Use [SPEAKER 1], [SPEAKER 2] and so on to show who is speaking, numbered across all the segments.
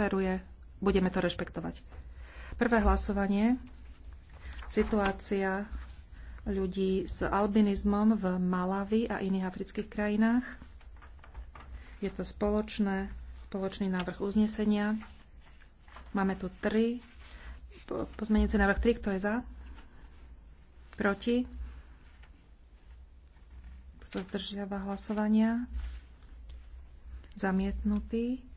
[SPEAKER 1] prosperuje. Budeme to rešpektovať. Prvé hlasovanie. Situácia ľudí s albinizmom v Malavi a iných afrických krajinách. Je to spoločné, spoločný návrh uznesenia. Máme tu tri. Pozmenujúci návrh 3, kto je za? Proti? Kto sa zdržiava hlasovania? Zamietnutý.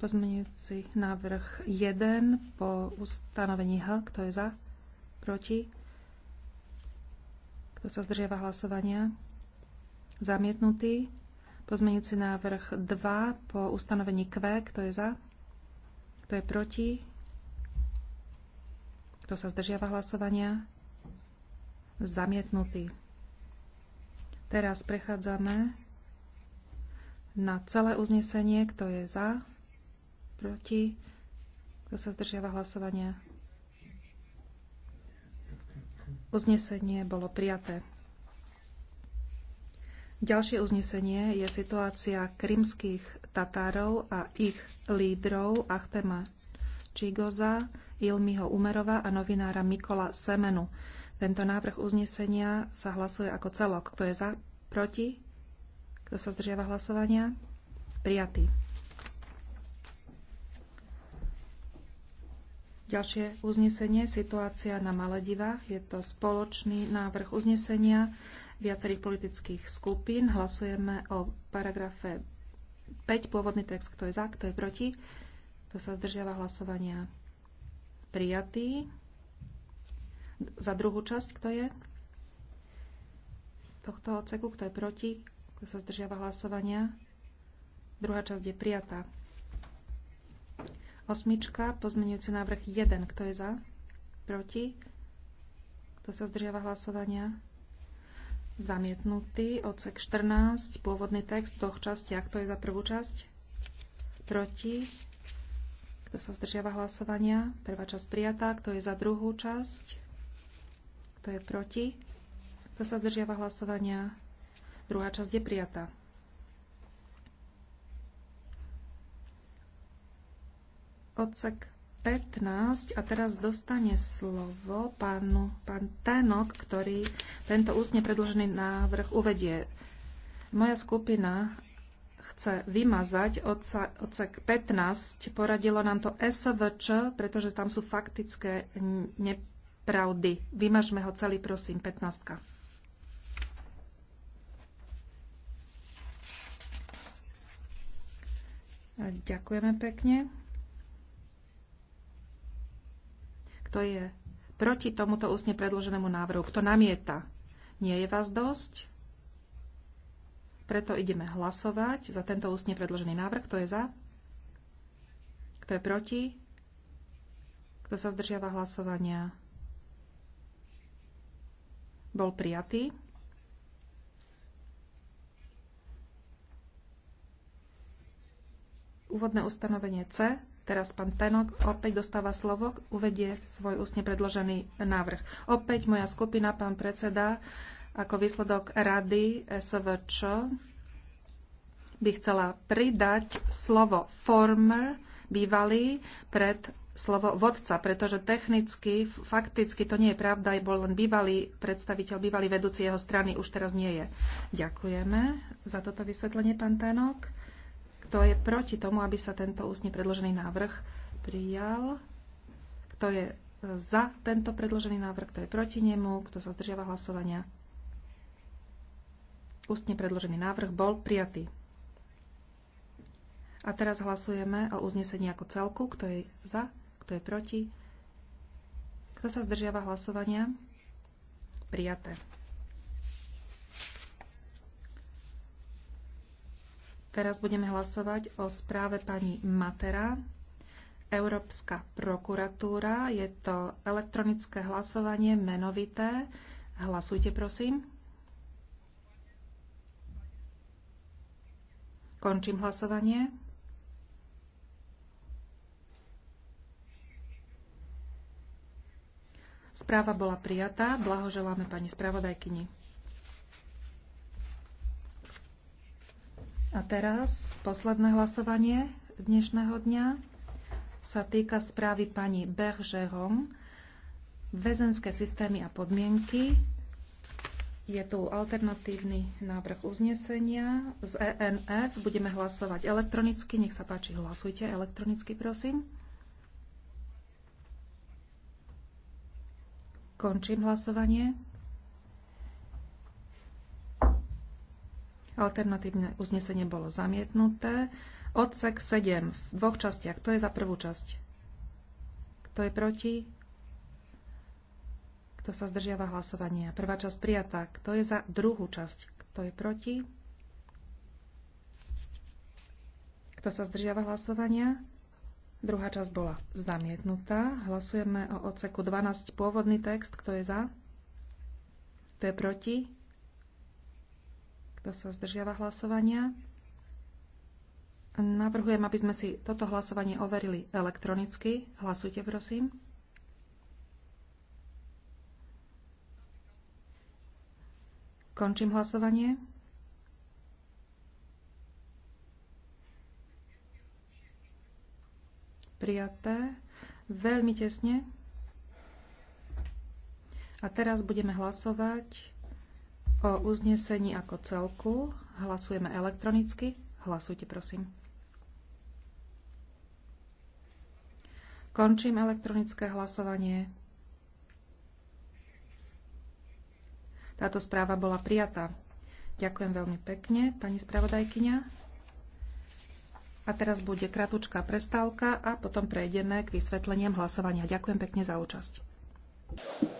[SPEAKER 1] Pozmeňujúci návrh 1 po ustanovení H. Kto je za? Proti? Kto sa zdržiava hlasovania? Zamietnutý. Pozmeňujúci návrh 2 po ustanovení Q. Kto je za? Kto je proti? Kto sa zdržiava hlasovania? Zamietnutý. Teraz prechádzame na celé uznesenie. Kto je za? Proti? Kto sa zdržiava hlasovania? Uznesenie bolo prijaté. Ďalšie uznesenie je situácia krymských Tatárov a ich lídrov Achtema Čigoza, Ilmiho Umerova a novinára Mikola Semenu. Tento návrh uznesenia sa hlasuje ako celok. Kto je za? Proti? Kto sa zdržiava hlasovania? Prijatý. Ďalšie uznesenie, situácia na Maledivách. Je to spoločný návrh uznesenia viacerých politických skupín. Hlasujeme o paragrafe 5, pôvodný text, kto je za, kto je proti. To sa zdržiava hlasovania prijatý. Za druhú časť, kto je? Tohto oceku, kto je proti? Kto sa zdržiava hlasovania? Druhá časť je prijatá. Osmička, pozmenujúci návrh 1. Kto je za? Proti? Kto sa zdržiava hlasovania? Zamietnutý. Odsek 14. Pôvodný text v dvoch častiach. Kto je za prvú časť? Proti? Kto sa zdržiava hlasovania? Prvá časť prijatá. Kto je za druhú časť? Kto je proti? Kto sa zdržiava hlasovania? Druhá časť je prijatá. odsek 15 a teraz dostane slovo pánu, pán Tenok, ktorý tento ústne predložený návrh uvedie. Moja skupina chce vymazať odsek 15. Poradilo nám to SVČ, pretože tam sú faktické nepravdy. Vymažme ho celý, prosím, 15. Ďakujeme pekne. Kto je proti tomuto ústne predloženému návrhu? Kto namieta? Nie je vás dosť? Preto ideme hlasovať za tento ústne predložený návrh. Kto je za? Kto je proti? Kto sa zdržiava hlasovania? Bol prijatý. Úvodné ustanovenie C. Teraz pán Tenok opäť dostáva slovo, uvedie svoj ústne predložený návrh. Opäť moja skupina, pán predseda, ako výsledok rady SVČ by chcela pridať slovo former, bývalý, pred slovo vodca, pretože technicky, fakticky to nie je pravda, je bol len bývalý predstaviteľ, bývalý vedúci jeho strany, už teraz nie je. Ďakujeme za toto vysvetlenie, pán Tenok. Kto je proti tomu, aby sa tento ústne predložený návrh prijal? Kto je e, za tento predložený návrh? Kto je proti nemu? Kto sa zdržiava hlasovania? Ústne predložený návrh bol prijatý. A teraz hlasujeme o uznesení ako celku. Kto je za? Kto je proti? Kto sa zdržiava hlasovania? Prijaté. Teraz budeme hlasovať o správe pani Matera. Európska prokuratúra. Je to elektronické hlasovanie, menovité. Hlasujte, prosím. Končím hlasovanie. Správa bola prijatá. Blahoželáme pani spravodajkyni. A teraz posledné hlasovanie dnešného dňa sa týka správy pani Bergeron. Väzenské systémy a podmienky. Je tu alternatívny návrh uznesenia z ENF. Budeme hlasovať elektronicky. Nech sa páči, hlasujte elektronicky, prosím. Končím hlasovanie. Alternatívne uznesenie bolo zamietnuté. Odsek 7 v dvoch častiach. Kto je za prvú časť? Kto je proti? Kto sa zdržiava hlasovania? Prvá časť prijatá. Kto je za druhú časť? Kto je proti? Kto sa zdržiava hlasovania? Druhá časť bola zamietnutá. Hlasujeme o odseku 12 pôvodný text. Kto je za? Kto je proti? Kto sa zdržiava hlasovania? Navrhujem, aby sme si toto hlasovanie overili elektronicky. Hlasujte, prosím. Končím hlasovanie. Prijaté. Veľmi tesne. A teraz budeme hlasovať O uznesení ako celku hlasujeme elektronicky. Hlasujte, prosím. Končím elektronické hlasovanie. Táto správa bola prijatá. Ďakujem veľmi pekne, pani spravodajkyňa. A teraz bude kratučká prestávka a potom prejdeme k vysvetleniam hlasovania. Ďakujem pekne za účasť.